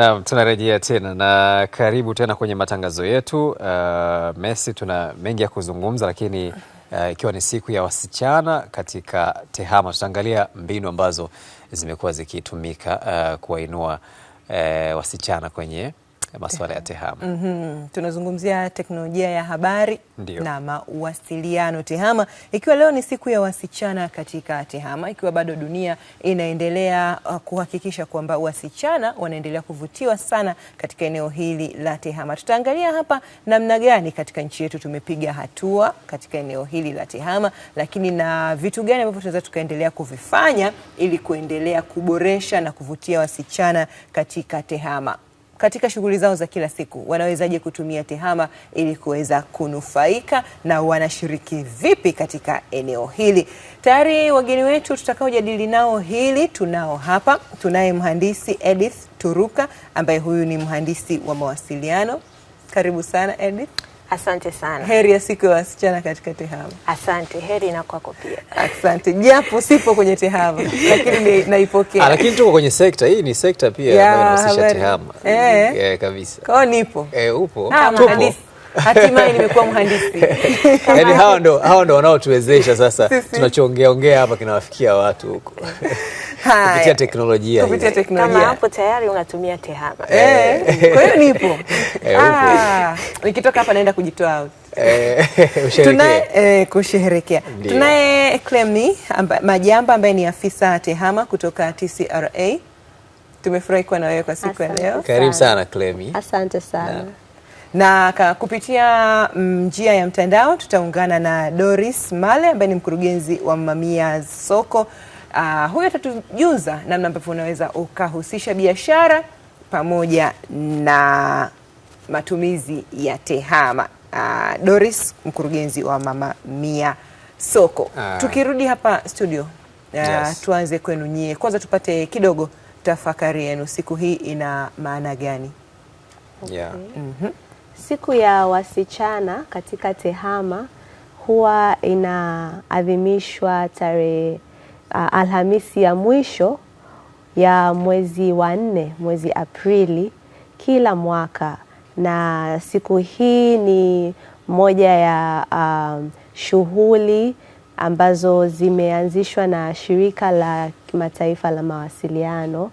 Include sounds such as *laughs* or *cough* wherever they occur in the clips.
Naam, tunarejea tena na karibu tena kwenye matangazo yetu. Uh, Messi, tuna mengi ya kuzungumza, lakini uh, ikiwa ni siku ya wasichana katika TEHAMA, tutaangalia mbinu ambazo zimekuwa zikitumika uh, kuwainua uh, wasichana kwenye ya masuala ya tehama. Mm -hmm. Tunazungumzia teknolojia ya habari Ndiyo. na mawasiliano tehama, ikiwa leo ni siku ya wasichana katika tehama, ikiwa bado dunia inaendelea uh, kuhakikisha kwamba wasichana wanaendelea kuvutiwa sana katika eneo hili la tehama. Tutaangalia hapa namna gani katika nchi yetu tumepiga hatua katika eneo hili la tehama, lakini na vitu gani ambavyo tunaweza tukaendelea kuvifanya ili kuendelea kuboresha na kuvutia wasichana katika tehama katika shughuli zao za kila siku, wanawezaje kutumia TEHAMA ili kuweza kunufaika na wanashiriki vipi katika eneo hili? Tayari wageni wetu tutakaojadili nao hili tunao hapa. Tunaye mhandisi Edith Turuka ambaye huyu ni mhandisi wa mawasiliano. Karibu sana Edith. Asante sana. Heri ya siku ya wasichana katika tehama. Asante, heri na kwako pia. Asante, japo sipo kwenye tehama lakini naipokea. Ah, lakini tuko kwenye sekta hii, ni sekta pia ambayo inahusisha tehama eh, eh, kabisa. Kwao nipo eh, upo Hatimaye nimekuwa mhandisi. *laughs* Yaani hao ndo hao ndo wanaotuwezesha sasa, tunachoongea ongea hapa kinawafikia watu huko *laughs* kupitia teknolojia, kupitia teknolojia. Kama hapo tayari unatumia tehama, eh. Eh. kwa hiyo nipo. *laughs* Eh, ah, nikitoka hapa naenda kujitoa out. Eh, *laughs* tunaye eh, kusherehekea, tunaye Clemy Majamba ambaye ni afisa tehama kutoka TCRA. Tumefurahi kuwa na wewe kwa siku ya leo. Karibu sana Clemy. Asante sana na kupitia mm, njia ya mtandao tutaungana na Doris Male ambaye ni mkurugenzi wa Mamia Soko. Uh, ah, huyo atatujuza namna ambavyo unaweza ukahusisha biashara pamoja na matumizi ya TEHAMA. Uh, Doris, mkurugenzi wa Mama Mia Soko. Uh, tukirudi hapa studio uh, yes. Tuanze kwenu nyie kwanza, tupate kidogo tafakari yenu, siku hii ina maana gani? okay. yeah. mm -hmm. Siku ya wasichana katika TEHAMA huwa inaadhimishwa tarehe uh, Alhamisi ya mwisho ya mwezi wa nne, mwezi Aprili kila mwaka na siku hii ni moja ya uh, shughuli ambazo zimeanzishwa na shirika la kimataifa la mawasiliano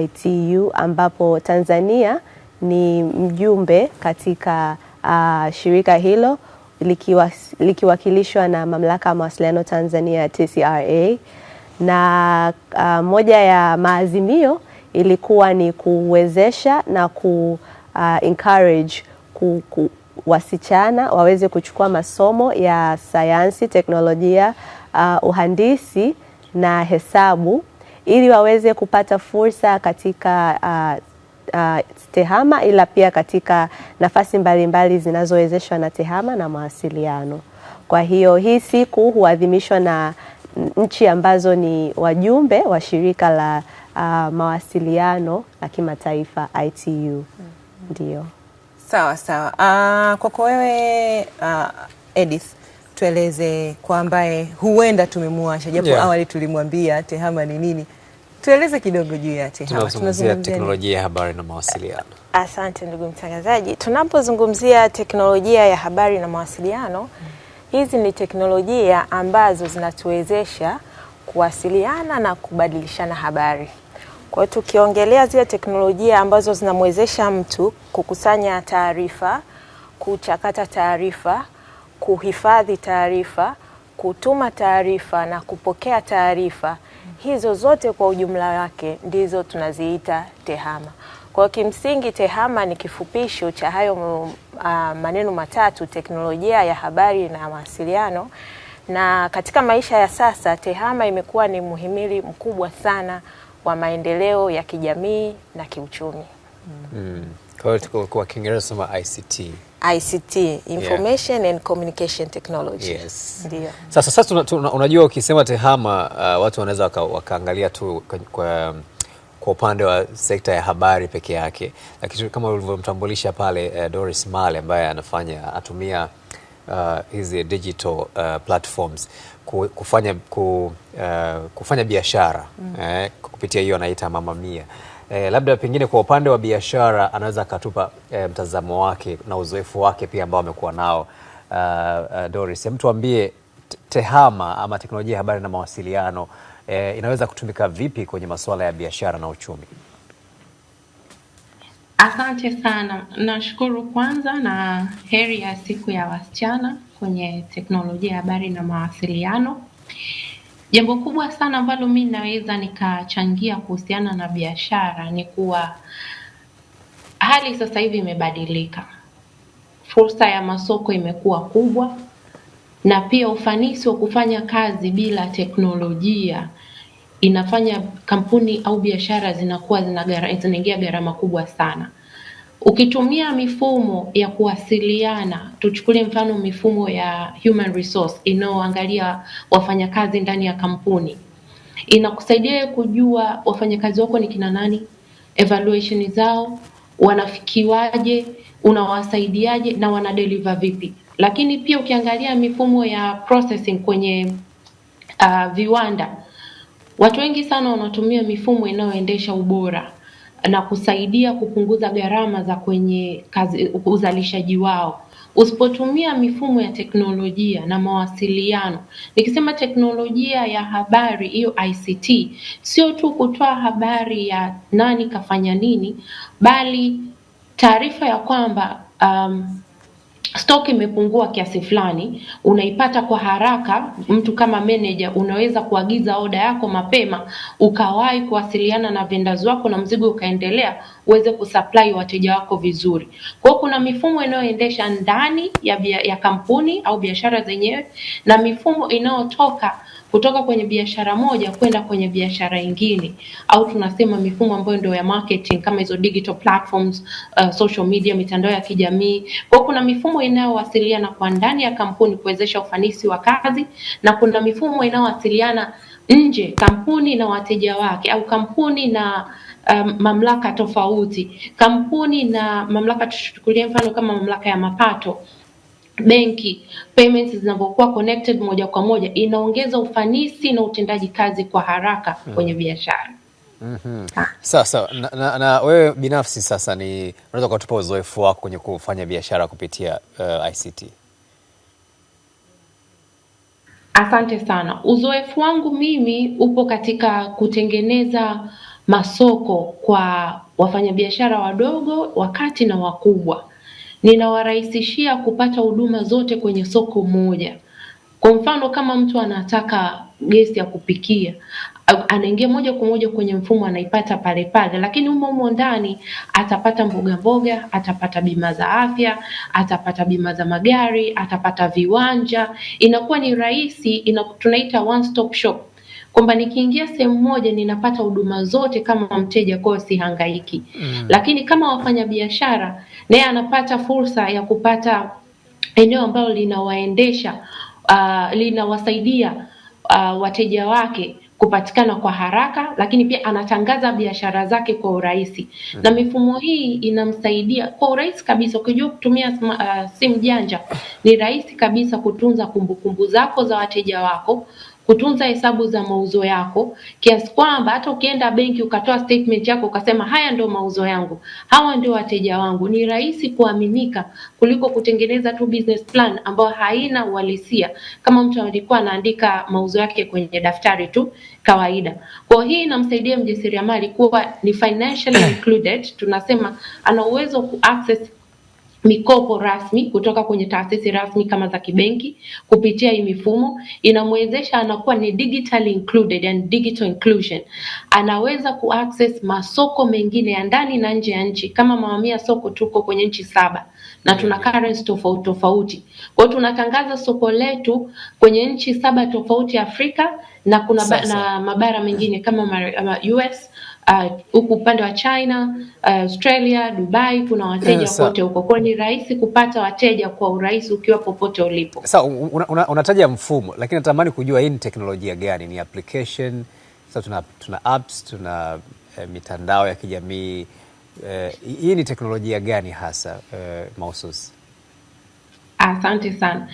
ITU, ambapo Tanzania ni mjumbe katika uh, shirika hilo likiwas, likiwakilishwa na mamlaka ya mawasiliano Tanzania TCRA, na uh, moja ya maazimio ilikuwa ni kuwezesha na ku uh, encourage ku, ku, wasichana waweze kuchukua masomo ya sayansi, teknolojia, uh, uhandisi na hesabu ili waweze kupata fursa katika uh, Uh, TEHAMA ila pia katika nafasi mbalimbali zinazowezeshwa na TEHAMA na mawasiliano. Kwa hiyo hii siku huadhimishwa na nchi ambazo ni wajumbe wa shirika la uh, mawasiliano la kimataifa ITU. Ndio, sawa sawa. Uh, kwako wewe uh, Edith tueleze kwa ambaye huenda tumemwasha japo yeah. Awali tulimwambia TEHAMA ni nini, tueleze kidogo juu ya TEHAMA. Tunazungumzia teknolojia ya habari na mawasiliano. Asante ndugu mtangazaji, tunapozungumzia teknolojia ya habari na mawasiliano hmm. Hizi ni teknolojia ambazo zinatuwezesha kuwasiliana na kubadilishana habari kwa hiyo tukiongelea zile teknolojia ambazo zinamwezesha mtu kukusanya taarifa, kuchakata taarifa, kuhifadhi taarifa, kutuma taarifa na kupokea taarifa, hizo zote kwa ujumla wake ndizo tunaziita TEHAMA. Kwa kimsingi TEHAMA ni kifupisho cha hayo uh, maneno matatu, teknolojia ya habari na mawasiliano. Na katika maisha ya sasa TEHAMA imekuwa ni muhimili mkubwa sana wa maendeleo ya kijamii na kiuchumi. Hmm. Kwa hiyo tuko kwa Kiingereza sema ICT. ICT, Information yeah. and Communication Technology. Yes. Ndio. Sasa sasa tuna, tuna, unajua ukisema TEHAMA uh, watu wanaweza waka, wakaangalia tu kwa kwa upande wa sekta ya habari peke yake, lakini kama ulivyomtambulisha pale uh, Doris Male ambaye anafanya atumia uh, hizi digital uh, platforms kufanya, ku, uh, kufanya biashara mm. eh, kupitia hiyo anaita Mama Mia. Eh, labda pengine kwa upande wa biashara anaweza akatupa eh, mtazamo wake na uzoefu wake pia ambao amekuwa nao. Uh, Doris, hem tuambie tehama ama teknolojia ya habari na mawasiliano eh, inaweza kutumika vipi kwenye masuala ya biashara na uchumi? Asante sana. Nashukuru kwanza na heri ya siku ya wasichana kwenye teknolojia ya habari na mawasiliano. Jambo kubwa sana ambalo mi naweza nikachangia kuhusiana na biashara ni kuwa hali sasa hivi imebadilika, fursa ya masoko imekuwa kubwa, na pia ufanisi wa kufanya kazi bila teknolojia inafanya kampuni au biashara zinakuwa zinaingia gharama kubwa sana. Ukitumia mifumo ya kuwasiliana, tuchukulie mfano mifumo ya human resource inayoangalia wafanyakazi ndani ya kampuni, inakusaidia kujua wafanyakazi wako ni kina nani, evaluation zao wanafikiwaje, unawasaidiaje na wanadeliver vipi. Lakini pia ukiangalia mifumo ya processing kwenye uh, viwanda Watu wengi sana wanatumia mifumo inayoendesha ubora na kusaidia kupunguza gharama za kwenye kazi uzalishaji wao. Usipotumia mifumo ya teknolojia na mawasiliano, nikisema teknolojia ya habari hiyo ICT, sio tu kutoa habari ya nani kafanya nini, bali taarifa ya kwamba um, stock imepungua kiasi fulani, unaipata kwa haraka. Mtu kama manager unaweza kuagiza oda yako mapema, ukawahi kuwasiliana na vendors wako na mzigo ukaendelea uweze kusupply wateja wako vizuri. Kwa hiyo kuna mifumo inayoendesha ndani ya, ya kampuni au biashara zenyewe na mifumo inayotoka kutoka kwenye biashara moja kwenda kwenye biashara ingine, au tunasema mifumo ambayo ndio ya marketing kama hizo digital platforms, uh, social media, mitandao ya kijamii. Kwa kuna mifumo inayowasiliana kwa ndani ya kampuni kuwezesha ufanisi wa kazi na kuna mifumo inayowasiliana nje, kampuni na wateja wake au kampuni na um, mamlaka tofauti. Kampuni na mamlaka, tuchukulie mfano kama mamlaka ya mapato benki payments zinavyokuwa connected moja kwa moja inaongeza ufanisi na utendaji kazi kwa haraka mm. kwenye biashara mm -hmm. Sawa sawa na, na, na wewe binafsi sasa ni unaweza kutupa uzoefu wako kwenye kufanya biashara kupitia uh, ICT? Asante sana. Uzoefu wangu mimi upo katika kutengeneza masoko kwa wafanyabiashara wadogo, wakati na wakubwa. Ninawarahisishia kupata huduma zote kwenye soko moja. Kwa mfano, kama mtu anataka gesi ya kupikia anaingia moja kwa moja kwenye mfumo anaipata pale pale, lakini humo humo ndani atapata mboga mboga, atapata bima za afya, atapata bima za magari, atapata viwanja. Inakuwa ni rahisi, ina tunaita one stop shop kwamba nikiingia sehemu moja ninapata huduma zote kama mteja, kwa sihangaiki mm. Lakini kama wafanyabiashara, naye anapata fursa ya kupata eneo ambalo linawaendesha uh, linawasaidia uh, wateja wake kupatikana kwa haraka, lakini pia anatangaza biashara zake kwa urahisi mm. Na mifumo hii inamsaidia kwa urahisi kabisa. Ukijua kutumia uh, simu janja, ni rahisi kabisa kutunza kumbukumbu kumbu zako za wateja wako kutunza hesabu za mauzo yako kiasi kwamba hata ukienda benki ukatoa statement yako ukasema haya ndio mauzo yangu, hawa ndio wateja wangu, ni rahisi kuaminika kuliko kutengeneza tu business plan ambayo haina uhalisia, kama mtu alikuwa anaandika mauzo yake kwenye daftari tu kawaida. Kwa hii inamsaidia mjasiriamali kuwa ni financially included, tunasema ana uwezo ku access mikopo rasmi kutoka kwenye taasisi rasmi kama za kibenki kupitia hii mifumo inamwezesha anakuwa ni digitally included and digital inclusion. Anaweza kuaccess masoko mengine ya ndani na nje ya nchi. Kama Mama Mia Soko tuko kwenye nchi saba, na tuna currency tofauti tofauti. Kwa hiyo tunatangaza soko letu kwenye nchi saba tofauti Afrika na kuna ba, na mabara mengine kama US uh, huku uh, upande wa China, uh, Australia, Dubai kuna wateja wote huko. Kwa ni rahisi kupata wateja kwa urahisi ukiwa popote ulipo. Sasa unataja una, mfumo lakini natamani kujua hii ni teknolojia gani? Ni application? Sasa tuna tuna apps, tuna eh, mitandao ya kijamii eh, hii ni teknolojia gani hasa uh, mahususi? Asante sana.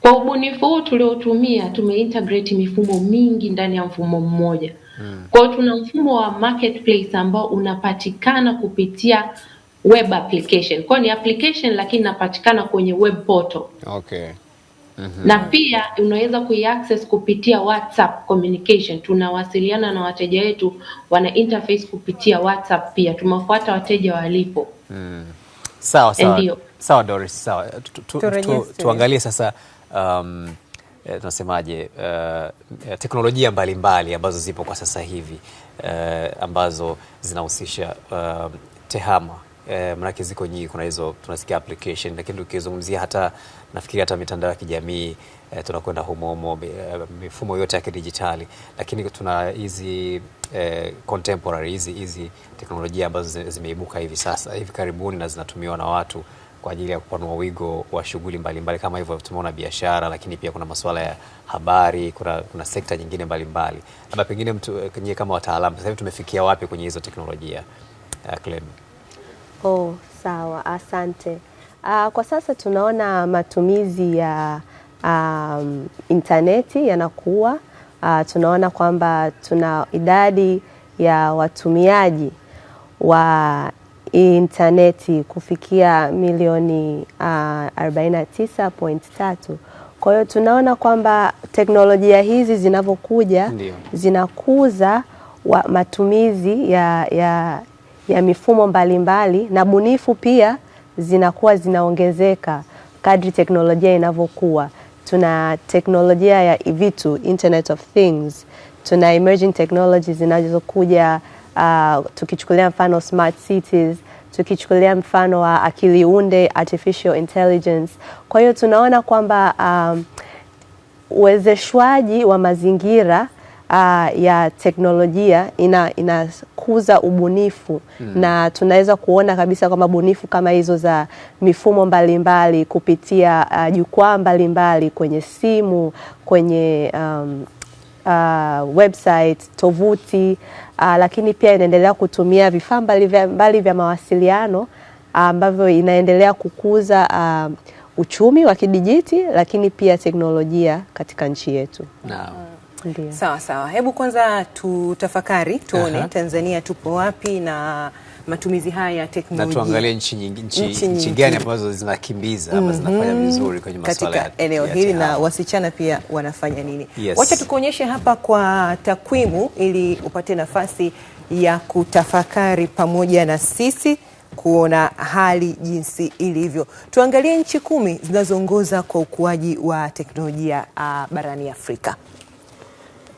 Kwa ubunifu huu tuliotumia, tumeintegrate mifumo mingi ndani ya mfumo mmoja. Hmm. Kwao tuna mfumo wa marketplace ambao unapatikana kupitia web application. Kwa ni application lakini inapatikana kwenye web portal. Okay. Mm-hmm. Na pia unaweza kuiaccess kupitia WhatsApp communication. Tunawasiliana na wateja wetu, wana interface kupitia WhatsApp pia, tumewafuata wateja walipo. Mm. Sawa sawa. Ndio. Sawa Doris, sawa. Tuangalie sasa um, eh, tunasemaje uh, teknolojia mbalimbali mbali ambazo zipo kwa sasa hivi uh, ambazo zinahusisha uh, tehama uh, manake ziko nyingi, kuna hizo tunasikia application, lakini tukizungumzia hata nafikiri hata mitandao ya kijamii eh, tunakwenda humo eh, mifumo yote ya kidijitali, lakini tuna hizi eh, contemporary hizi hizi teknolojia ambazo zimeibuka hivi sasa hivi karibuni na zinatumiwa na watu kwa ajili ya kupanua wigo wa shughuli mbalimbali kama hivyo tumeona biashara, lakini pia kuna masuala ya habari, kuna, kuna sekta nyingine mbalimbali labda pengine mtu eh, nyie kama wataalamu, sasa hivi tumefikia wapi kwenye hizo teknolojia uh, Clem? Oh, sawa, asante. Uh, kwa sasa tunaona matumizi ya um, intaneti yanakuwa. Uh, tunaona kwamba tuna idadi ya watumiaji wa intaneti kufikia milioni uh, ah, 49.3. Kwa hiyo tunaona kwamba teknolojia hizi zinavyokuja zinakuza wa matumizi ya, ya, ya mifumo mbalimbali mbali, na bunifu pia zinakuwa zinaongezeka kadri teknolojia inavyokuwa. Tuna teknolojia ya vitu, Internet of Things, tuna emerging technologies zinazokuja, uh, tukichukulia mfano smart cities, tukichukulia mfano wa akili unde, artificial intelligence. Kwa hiyo tunaona kwamba um, uwezeshwaji wa mazingira uh, ya teknolojia ina, inakuza ubunifu mm. na tunaweza kuona kabisa kwamba bunifu kama hizo za mifumo mbalimbali mbali, kupitia ah, jukwaa uh, mbalimbali kwenye simu kwenye um, uh, website tovuti uh, lakini pia inaendelea kutumia vifaa mbalimbali vya mawasiliano ambavyo uh, inaendelea kukuza uh, uchumi wa kidijiti lakini pia teknolojia katika nchi yetu. Naam. Ndiyo. Sawa sawa, hebu kwanza tutafakari tuone Aha. Tanzania tupo wapi na matumizi haya ya teknolojia na tuangalie nchi nyingi, nchi, nchi, nchi gani ambazo zinakimbiza mm -hmm. zinafanya vizuri kwenye masuala katika eneo hili na wasichana pia wanafanya nini? Yes. Wacha tukuonyeshe hapa kwa takwimu ili upate nafasi ya kutafakari pamoja na sisi kuona hali jinsi ilivyo. Tuangalie nchi kumi zinazoongoza kwa ukuaji wa teknolojia uh, barani Afrika.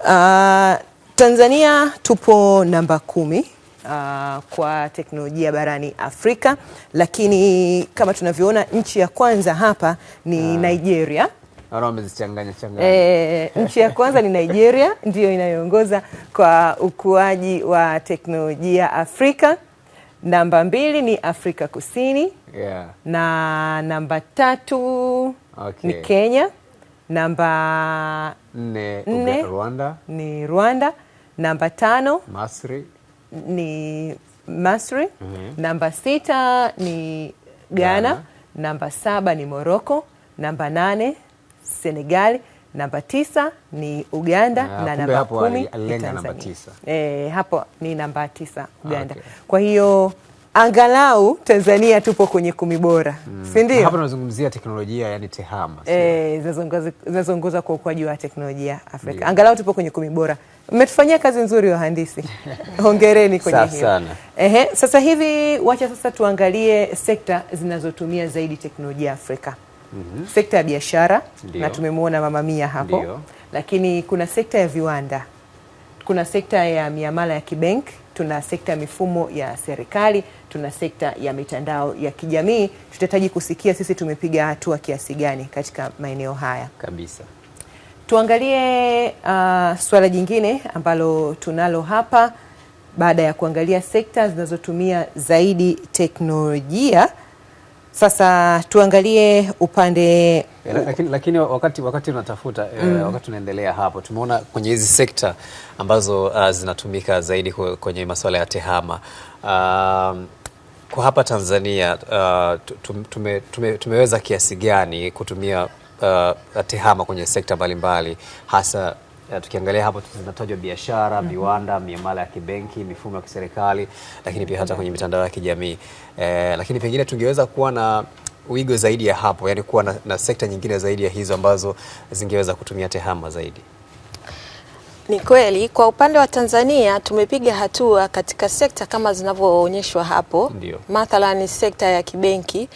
Uh, Tanzania tupo namba kumi Uh, kwa teknolojia barani Afrika, lakini kama tunavyoona nchi ya kwanza hapa ni uh, Nigeria. Wamezichanganya changanya. E, nchi ya kwanza ni Nigeria ndiyo inayoongoza kwa ukuaji wa teknolojia Afrika. Namba mbili ni Afrika Kusini, yeah. Na namba tatu okay, ni Kenya. Namba nne, nne Rwanda ni Rwanda. Namba tano Masri ni Masri. mm -hmm. Namba sita ni Ghana. Ghana. Namba saba ni Morocco. Namba nane Senegali. Namba tisa ni Uganda ah, na, na namba kumi ni Tanzania. E, hapo ni namba tisa Uganda. Ah, okay. Kwa hiyo angalau Tanzania tupo kwenye kumi bora mm. si ndio? Hapa tunazungumzia teknolojia yani tehama eh, zinazoongoza kwa ukuaji wa teknolojia Afrika Mdia. Angalau tupo kwenye kumi bora, mmetufanyia kazi nzuri wahandisi, hongereni kwenye hiyo. Ehe, sasa hivi wacha sasa tuangalie sekta zinazotumia zaidi teknolojia Afrika mm -hmm. Sekta ya biashara na tumemwona Mama Mia hapo Ndiyo. Lakini kuna sekta ya viwanda, kuna sekta ya miamala ya kibenki tuna sekta ya mifumo ya serikali, tuna sekta ya mitandao ya kijamii. Tutahitaji kusikia sisi tumepiga hatua kiasi gani katika maeneo haya kabisa. Tuangalie uh, suala jingine ambalo tunalo hapa baada ya kuangalia sekta zinazotumia zaidi teknolojia sasa tuangalie upande eh, lakini, lakini wakati wakati unatafuta eh, mm. wakati tunaendelea hapo, tumeona kwenye hizi sekta ambazo uh, zinatumika zaidi kwenye masuala ya tehama uh, kwa hapa Tanzania uh, tume, tume, tumeweza kiasi gani kutumia uh, tehama kwenye sekta mbalimbali hasa ya, eh, tukiangalia hapo zinatajwa biashara, mm -hmm. viwanda, miamala ya kibenki, mifumo ya kiserikali, lakini pia hata kwenye mitandao ya kijamii eh, lakini pengine tungeweza kuwa na wigo zaidi ya hapo, yani kuwa na, na sekta nyingine zaidi ya hizo ambazo zingeweza kutumia tehama zaidi. Ni kweli kwa upande wa Tanzania tumepiga hatua katika sekta kama zinavyoonyeshwa hapo, mathalani sekta ya kibenki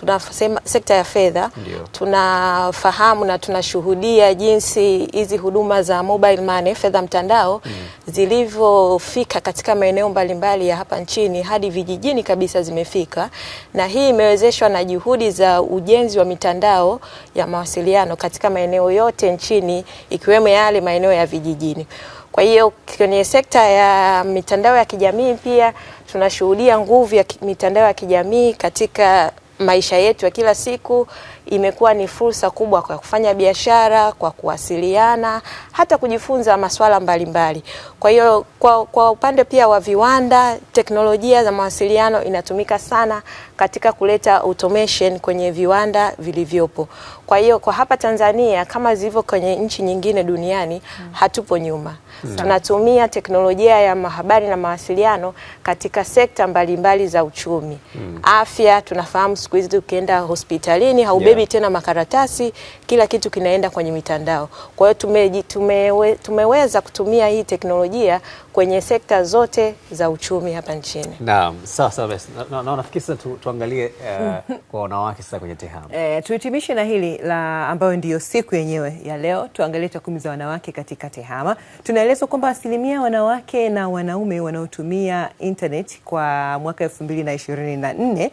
tunasema sekta ya fedha tunafahamu na tunashuhudia jinsi hizi huduma za mobile money, fedha mtandao mm. zilivyofika katika maeneo mbalimbali ya hapa nchini hadi vijijini kabisa zimefika, na hii imewezeshwa na juhudi za ujenzi wa mitandao ya mawasiliano katika maeneo yote nchini ikiwemo yale maeneo ya vijijini. Kwa hiyo kwenye sekta ya mitandao ya kijamii pia tunashuhudia nguvu ya mitandao ya kijamii katika maisha yetu ya kila siku imekuwa ni fursa kubwa kwa kufanya biashara, kwa kuwasiliana, hata kujifunza masuala mbalimbali. Kwa hiyo kwa, kwa upande pia wa viwanda, teknolojia za mawasiliano inatumika sana katika kuleta automation kwenye viwanda vilivyopo. Kwa hiyo kwa hapa Tanzania kama zilivyo kwenye nchi nyingine duniani, hatupo nyuma. Hmm. Tunatumia teknolojia ya mahabari na mawasiliano katika sekta mbalimbali mbali za uchumi hmm. Afya, tunafahamu siku hizi ukienda hospitalini haubebi yeah. tena makaratasi, kila kitu kinaenda kwenye mitandao. Kwa hiyo tume, tume, tumeweza kutumia hii teknolojia kwenye sekta zote za uchumi hapa nchini. Naam, sawa sawa basi. Na, na, nafikiri sasa tu, tuangalie uh, *laughs* kwa wanawake sasa kwenye tehama. Eh, tuhitimishe na hili la ambayo ndiyo siku yenyewe ya leo, tuangalie takwimu za wanawake katika tehama. Tunaelezwa kwamba asilimia wanawake na wanaume wanaotumia internet kwa mwaka 2024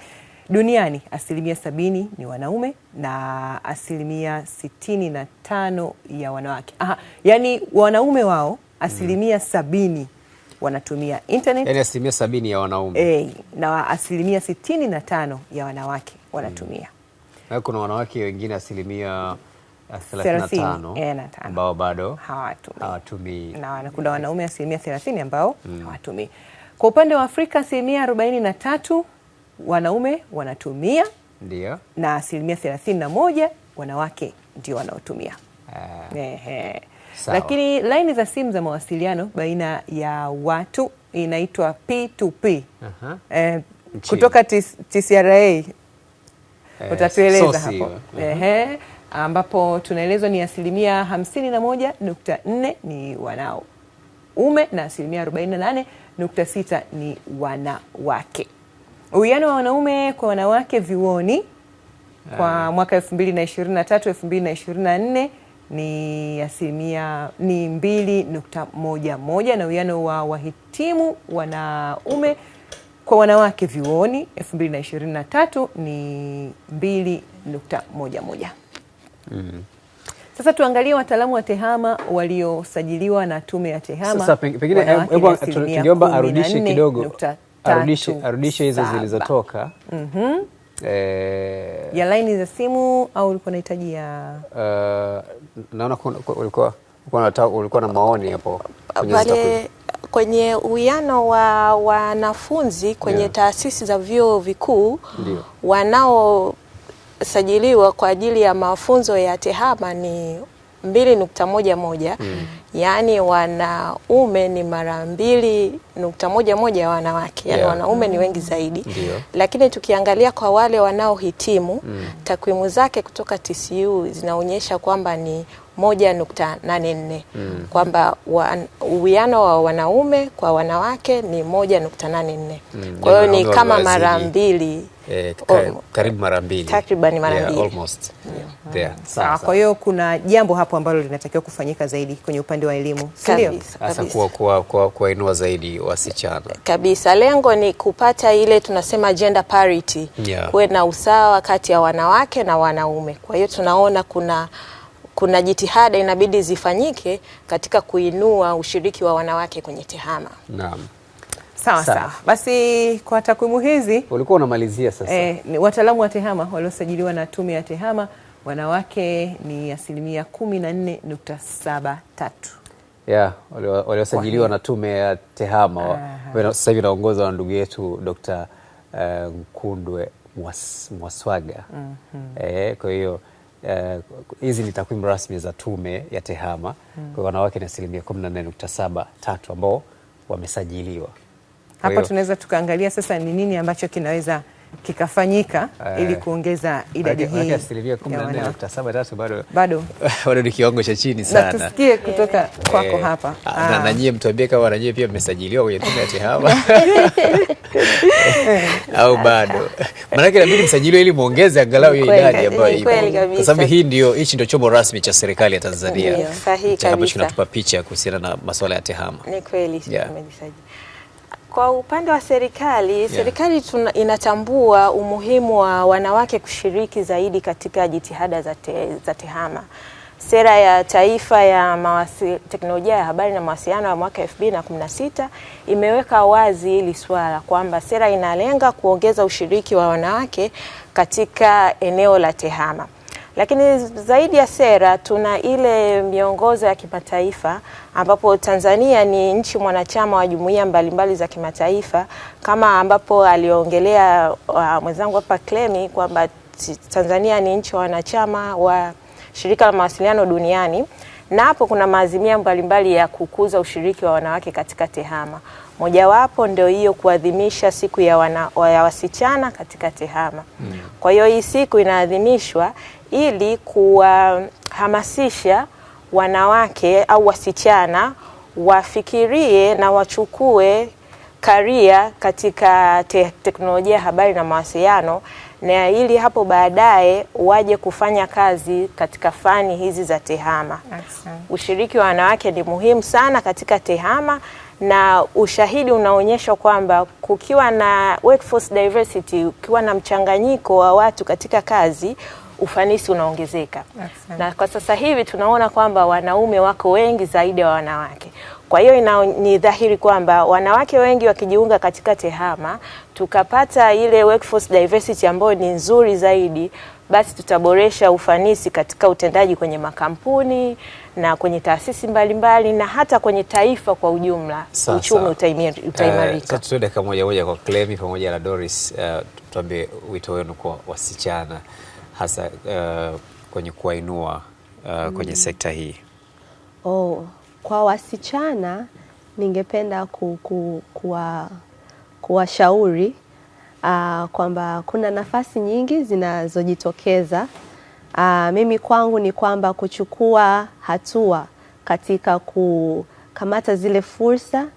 duniani asilimia sabini ni wanaume na asilimia sitini na tano ya wanawake. Aha, yani wanaume wao asilimia mm. sabini wanatumia internet, yani asilimia sabini ya wanaume e, na asilimia sitini na tano ya wanawake wanatumia mm. na kuna wanawake wengine asilimia eh, eh, ambao bado hawatumii na kuna wanaume asilimia thelathini ambao mm. hawatumii. Kwa upande wa Afrika asilimia tatu wanaume wanatumia ndio, na asilimia moja wanawake ndio wanaotumia. Ah. Sawa. Lakini laini za simu za mawasiliano baina ya watu inaitwa P2P. Aha. Eh, kutoka TCRA eh, utatueleza hapo ehe, ambapo tunaelezwa ni asilimia hamsini na moja nukta nne ni wanaume na asilimia arobaini na nane nukta sita ni wanawake. Uwiano wa wanaume kwa wanawake vyuoni kwa eh. mwaka na 2024 ni asilimia ni mbili nukta moja moja na uwiano wa wahitimu wanaume kwa wanawake vyuoni tatu ni 2.11. Mm. Mm-hmm. Sasa tuangalie wataalamu wa TEHAMA waliosajiliwa na Tume ya TEHAMA. Sasa pengine tungeomba arudishe kidogo, arudishe hizo zilizotoka. Mm-hmm. Eh, ya laini za simu au ulikuwa unahitaji ya uh, naona ulikuwa ulikuwa na maoni hapo pale kwenye uwiano wa wanafunzi kwenye yeah, taasisi za vyuo vikuu wanaosajiliwa kwa ajili ya mafunzo ya tehama ni mbili nukta moja moja mm yaani wanaume ni mara mbili nukta moja moja ya wanawake yaani yeah. wanaume mm. ni wengi zaidi Ndiyo. Lakini tukiangalia kwa wale wanaohitimu mm. takwimu zake kutoka TCU zinaonyesha kwamba ni moja nukta nane nne mm. kwamba uwiano wa wanaume kwa wanawake ni moja nukta nane nne mm. kwa hiyo ni kama mara mbili eh, oh, karibu mara mbili takriban mara mbili almost there sawa. Kwa hiyo kuna jambo hapo ambalo linatakiwa kufanyika zaidi kwenye upande wa elimu, si ndio? Hasa kwa kwa kuwainua zaidi wasichana kabisa. Lengo ni kupata ile tunasema gender parity kuwe na usawa kati ya wanawake na wanaume. Kwa hiyo tunaona kuna kuna jitihada inabidi zifanyike katika kuinua ushiriki wa wanawake kwenye tehama. Naam. Sawa sawa. Basi kwa takwimu hizi ulikuwa unamalizia sasa. E, wataalamu wa TEHAMA waliosajiliwa na Tume ya TEHAMA wanawake ni asilimia kumi na nne nukta saba tatu yeah, waliosajiliwa na Tume ya TEHAMA sasa hivi inaongozwa na ndugu yetu Dr. Eh, Nkundwe Mwaswaga mm -hmm. E, kwa hiyo hizi uh, ni takwimu rasmi za Tume ya TEHAMA mm. Kwa wanawake ni asilimia 14.73 ambao wamesajiliwa hapa tunaweza tukaangalia sasa ni nini ambacho kinaweza kikafanyika uh, ili kuongeza idadi hii bado *laughs* bado ni kiwango cha chini sana. Na tusikie kutoka yeah, kwako yeah, hapa ah, na ah. nyie mtuambie kama nanyie pia mmesajiliwa kwenye tume ya TEHAMA *laughs* au bado, maanake inabidi msajiliwe ili muongeze angalau hiyo idadi ambayo ipo, kwa sababu hii ndio hichi ndio chombo rasmi cha serikali ya Tanzania ambacho kinatupa picha kuhusiana na masuala ya TEHAMA. Ni kweli, yeah. Kwa upande wa serikali yeah. Serikali tuna, inatambua umuhimu wa wanawake kushiriki zaidi katika jitihada za, te, za TEHAMA. Sera ya Taifa ya mawasi, teknolojia ya habari na mawasiliano ya mwaka 2016 imeweka wazi hili swala kwamba sera inalenga kuongeza ushiriki wa wanawake katika eneo la TEHAMA. Lakini zaidi ya sera, tuna ile miongozo ya kimataifa ambapo Tanzania ni nchi mwanachama wa jumuiya mbalimbali za kimataifa, kama ambapo aliongelea uh, mwenzangu hapa Clemi kwamba Tanzania ni nchi wanachama wa shirika la mawasiliano duniani na hapo kuna maazimia mbalimbali ya kukuza ushiriki wa wanawake katika tehama. Mojawapo ndio hiyo kuadhimisha siku ya, wana, ya wasichana katika tehama. Mm. Kwa hiyo hii siku inaadhimishwa ili kuwahamasisha wanawake au wasichana wafikirie na wachukue karia katika te teknolojia ya habari na mawasiliano na ili hapo baadaye waje kufanya kazi katika fani hizi za tehama. Excellent. Ushiriki wa wanawake ni muhimu sana katika tehama na ushahidi unaonyesha kwamba kukiwa na workforce diversity, ukiwa na mchanganyiko wa watu katika kazi ufanisi unaongezeka Na kwa sasa hivi tunaona kwamba wanaume wako wengi zaidi ya wa wanawake kwa hiyo ina, ni dhahiri kwamba wanawake wengi wakijiunga katika TEHAMA tukapata ile workforce diversity ambayo ni nzuri zaidi, basi tutaboresha ufanisi katika utendaji kwenye makampuni na kwenye taasisi mbalimbali na hata kwenye taifa kwa ujumla uchumi eh, utaimarika. Uh, moja moja kwa Clemi pamoja na Doris, eh, tuambie wito wenu kwa wasichana hasa uh, kwenye kuwainua uh, kwenye mm. sekta hii? Oh, kwa wasichana ningependa ku, ku, kuwa kuwashauri uh, kwamba kuna nafasi nyingi zinazojitokeza. Uh, mimi kwangu ni kwamba kuchukua hatua katika kukamata zile fursa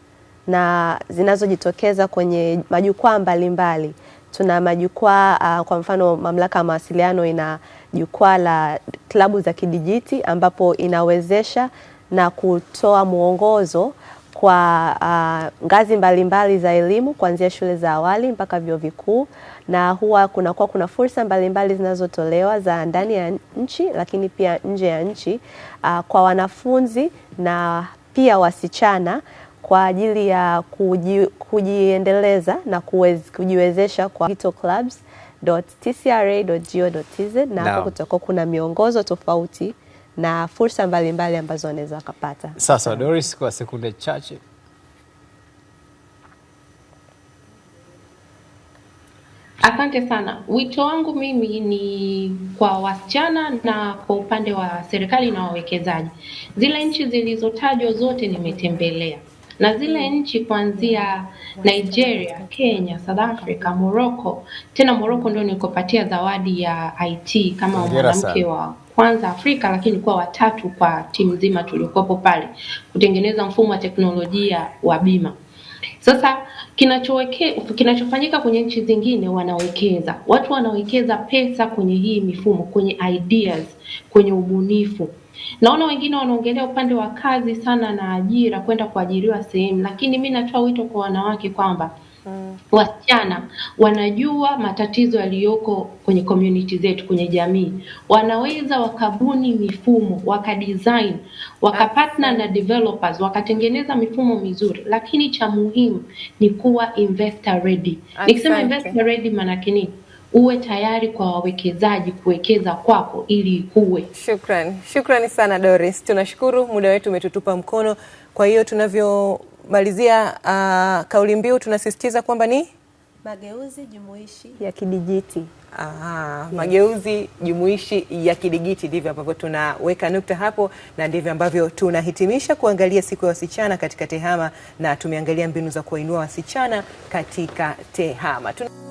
na zinazojitokeza kwenye majukwaa mbalimbali tuna majukwaa uh, kwa mfano mamlaka ya mawasiliano ina jukwaa la klabu za kidijiti ambapo inawezesha na kutoa mwongozo kwa uh, ngazi mbalimbali mbali za elimu kuanzia shule za awali mpaka vyuo vikuu, na huwa kunakuwa kuna fursa mbalimbali zinazotolewa za ndani ya nchi, lakini pia nje ya nchi uh, kwa wanafunzi na pia wasichana kwa ajili ya kuji, kujiendeleza na kuwez, kujiwezesha kwa Digital Clubs tcra.go.tz na hapo kutakuwa kuna miongozo tofauti na fursa mbalimbali mbali ambazo wanaweza wakapata. Sasa Doris, kwa sekunde chache Asante sana. Wito wangu mimi ni kwa wasichana na kwa upande wa serikali na wawekezaji, zile nchi zilizotajwa zote nimetembelea na zile mm. nchi kuanzia Nigeria, Kenya, South Africa, Morocco. Tena Morocco ndio nilikopatia zawadi ya IT kama mwanamke wa kwanza Afrika, lakini kuwa watatu kwa timu nzima tuliokuwepo pale kutengeneza mfumo wa teknolojia wa bima. Sasa kinachoweke kinachofanyika kwenye nchi zingine, wanawekeza watu wanawekeza pesa kwenye hii mifumo, kwenye ideas, kwenye ubunifu Naona wengine wanaongelea upande wa kazi sana na ajira, kwenda kuajiriwa sehemu, lakini mi natoa wito kwa wanawake kwamba mm. wasichana wanajua matatizo yaliyoko kwenye community zetu, kwenye jamii, wanaweza wakabuni mifumo, wakadesign, wakapartner na developers, wakatengeneza mifumo mizuri, lakini cha muhimu ni kuwa investor ready. Nikisema investor ready maana nini? uwe tayari kwa wawekezaji kuwekeza kwako ili ikuwe. Shukrani, shukrani sana Doris, tunashukuru muda wetu umetutupa mkono. Kwa hiyo tunavyomalizia uh, kauli mbiu tunasisitiza kwamba ni mageuzi jumuishi ya kidijiti. Aha, yes. Mageuzi jumuishi ya kidigiti ndivyo ambavyo tunaweka nukta hapo, na ndivyo ambavyo tunahitimisha kuangalia siku ya wasichana katika TEHAMA, na tumeangalia mbinu za kuwainua wasichana katika TEHAMA Tuna...